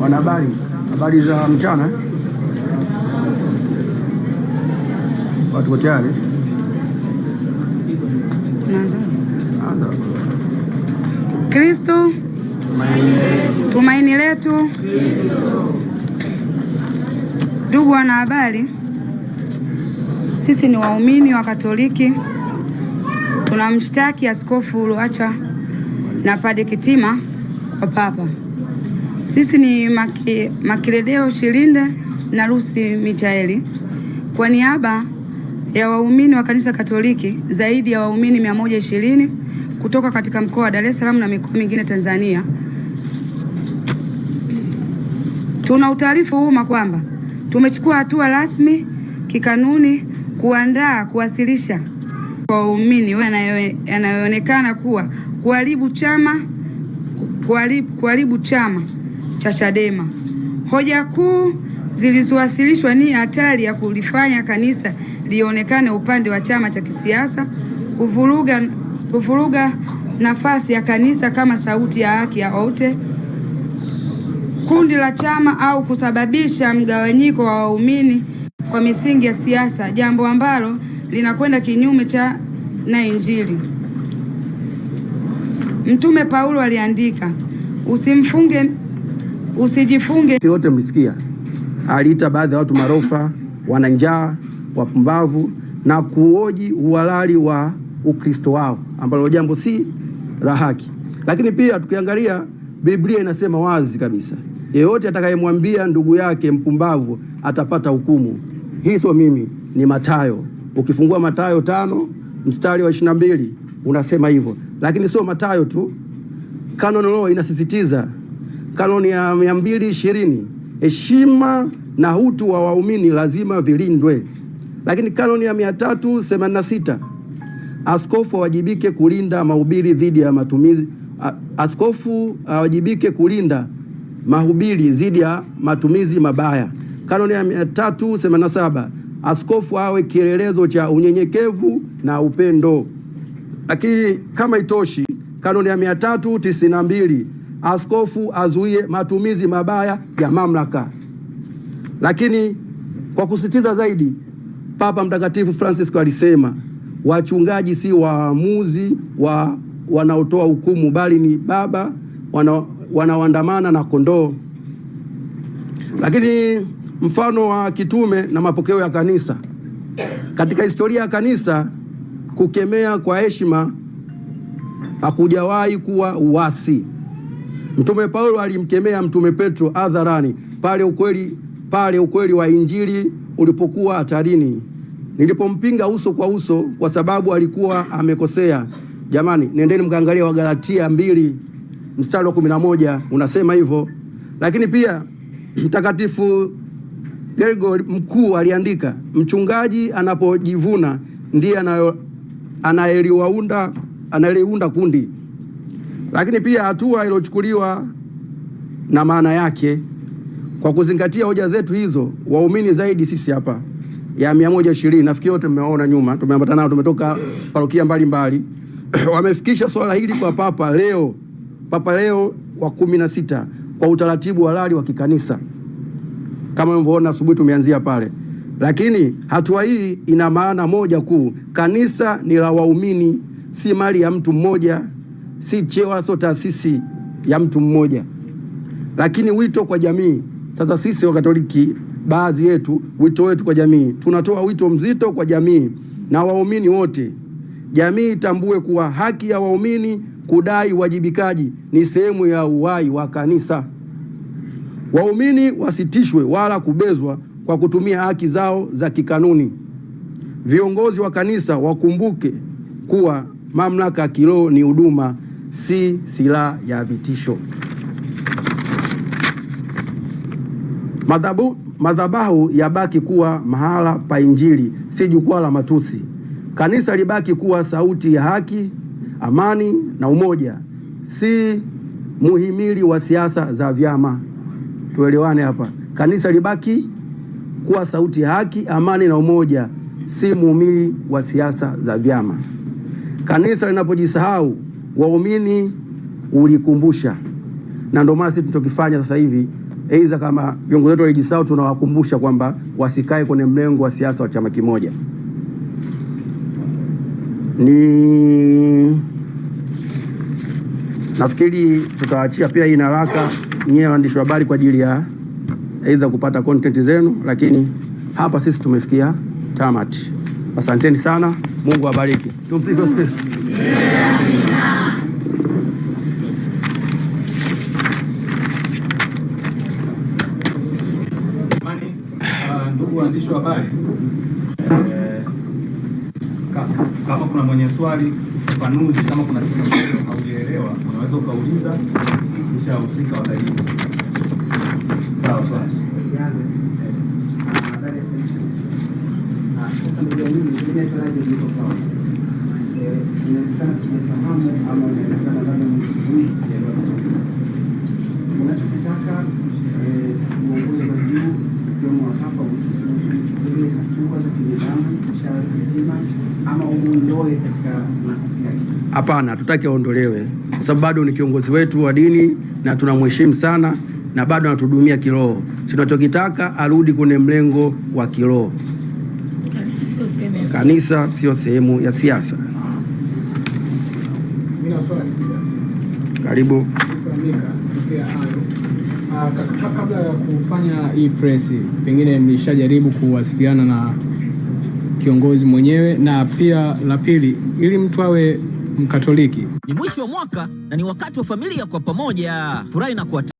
Wanahabari, habari za mchana. Watu tayari? Kristo tumaini letu. Ndugu wanahabari, sisi ni waumini wa Katoliki. Tunamshtaki Askofu Luacha na Padre Kitima kwa Papa sisi ni Maki, Makiredeo Shilinde na Lucy Michaeli kwa niaba ya waumini wa kanisa Katoliki zaidi ya waumini 120 kutoka katika mkoa wa Dar es Salaam na mikoa mingine Tanzania. Tuna utaarifu umma kwamba tumechukua hatua rasmi kikanuni kuandaa kuwasilisha kwa waumini yanayoonekana kuwa kuharibu chama kuharibu chama cha Chadema. Hoja kuu zilizowasilishwa ni hatari ya kulifanya kanisa lionekane upande wa chama cha kisiasa, kuvuruga kuvuruga nafasi ya kanisa kama sauti ya haki ya wote, kundi la chama, au kusababisha mgawanyiko wa waumini kwa misingi ya siasa, jambo ambalo linakwenda kinyume cha na Injili. Mtume Paulo aliandika, usimfunge usijifunge. Wote mlisikia, aliita baadhi ya watu marofa, wana njaa, wapumbavu na kuoji uhalali wa Ukristo wao ambalo jambo si la haki. Lakini pia tukiangalia Biblia inasema wazi kabisa, yeyote atakayemwambia ndugu yake mpumbavu atapata hukumu. Hii sio mimi, ni Mathayo. Ukifungua Mathayo tano mstari wa ishirini na mbili unasema hivyo, lakini sio Mathayo tu, canon law inasisitiza kanuni ya 220 heshima na utu wa waumini lazima vilindwe. Lakini kanuni ya 386 askofu awajibike kulinda mahubiri dhidi ya matumizi askofu awajibike kulinda mahubiri dhidi ya matumizi mabaya. Kanuni ya 387 askofu awe kielelezo cha unyenyekevu na upendo. Lakini kama itoshi, kanuni ya 392 askofu azuie matumizi mabaya ya mamlaka. Lakini kwa kusisitiza zaidi, Papa Mtakatifu Francisco alisema wachungaji si waamuzi wa wanaotoa hukumu, bali ni baba wana, wanaoandamana na kondoo. Lakini mfano wa kitume na mapokeo ya kanisa katika historia ya kanisa, kukemea kwa heshima hakujawahi kuwa uasi. Mtume Paulo alimkemea Mtume Petro hadharani pale ukweli, pale ukweli wa Injili ulipokuwa hatarini, nilipompinga uso kwa uso kwa sababu alikuwa amekosea. Jamani, nendeni mkaangalia Wagalatia mbili mstari wa 11 unasema hivyo, lakini pia Mtakatifu Gregori mkuu aliandika, mchungaji anapojivuna ndiye anayeliunda anayeliunda kundi lakini pia hatua iliyochukuliwa na maana yake kwa kuzingatia hoja zetu hizo, waumini zaidi sisi hapa ya 120 nafikiri wote mmeona nyuma, tumeambatana nao, tumetoka parokia mbalimbali wamefikisha swala hili kwa Papa leo, Papa Leo wa kumi na sita kwa utaratibu halali wa kikanisa kama mlivyoona asubuhi tumeanzia pale. Lakini hatua hii ina maana moja kuu, kanisa ni la waumini, si mali ya mtu mmoja si cheo wala sio taasisi ya mtu mmoja, lakini wito kwa jamii. Sasa sisi Wakatoliki, baadhi yetu, wito wetu kwa jamii, tunatoa wito mzito kwa jamii na waumini wote. Jamii itambue kuwa haki ya waumini kudai wajibikaji ni sehemu ya uhai wa kanisa. Waumini wasitishwe wala kubezwa kwa kutumia haki zao za kikanuni. Viongozi wa kanisa wakumbuke kuwa mamlaka ya kiroho ni huduma si silaha ya vitisho. Madhabu, madhabahu yabaki kuwa mahala pa Injili, si jukwaa la matusi. Kanisa libaki kuwa sauti ya haki, amani na umoja, si muhimili wa siasa za vyama. Tuelewane hapa. Kanisa libaki kuwa sauti ya haki, amani na umoja, si muhimili wa siasa za vyama. Kanisa linapojisahau waumini ulikumbusha, na ndio maana sisi tunachokifanya sasa hivi, aidha kama viongozi wetu walijisahau, tunawakumbusha kwamba wasikae kwenye mlengo wa siasa wa chama kimoja. Ni nafikiri tutawaachia pia hii naraka nyewe waandishi wa habari kwa ajili ya aidha kupata content zenu, lakini hapa sisi tumefikia tamati. Asanteni sana, Mungu awabariki. Tumsifu Yesu Kristo. ndugu waandishi wa habari eh, kama kuna mwenye swali fanuzi, kama kuna kitu haujaelewa unaweza ukauliza, kisha husika watajibu. Sawa sawa. Ah, eh, Unachotaka eh, uongozi wa juu kwa hatua za kinidhamu, ama umuondoe katika nafasi yake? Hapana, hatutaki aondolewe, kwa sababu bado ni kiongozi wetu wa dini na tunamheshimu sana na bado anatuhudumia kiroho. Tunachokitaka arudi kwenye mlengo wa kiroho. Kanisa sio sehemu ya siasa. Karibu. Uh, kabla ya kufanya hii press, pengine mlishajaribu kuwasiliana na kiongozi mwenyewe? Na pia la pili, ili mtu awe Mkatoliki, ni mwisho wa mwaka na ni wakati wa familia kwa pamoja, furahi na kuwa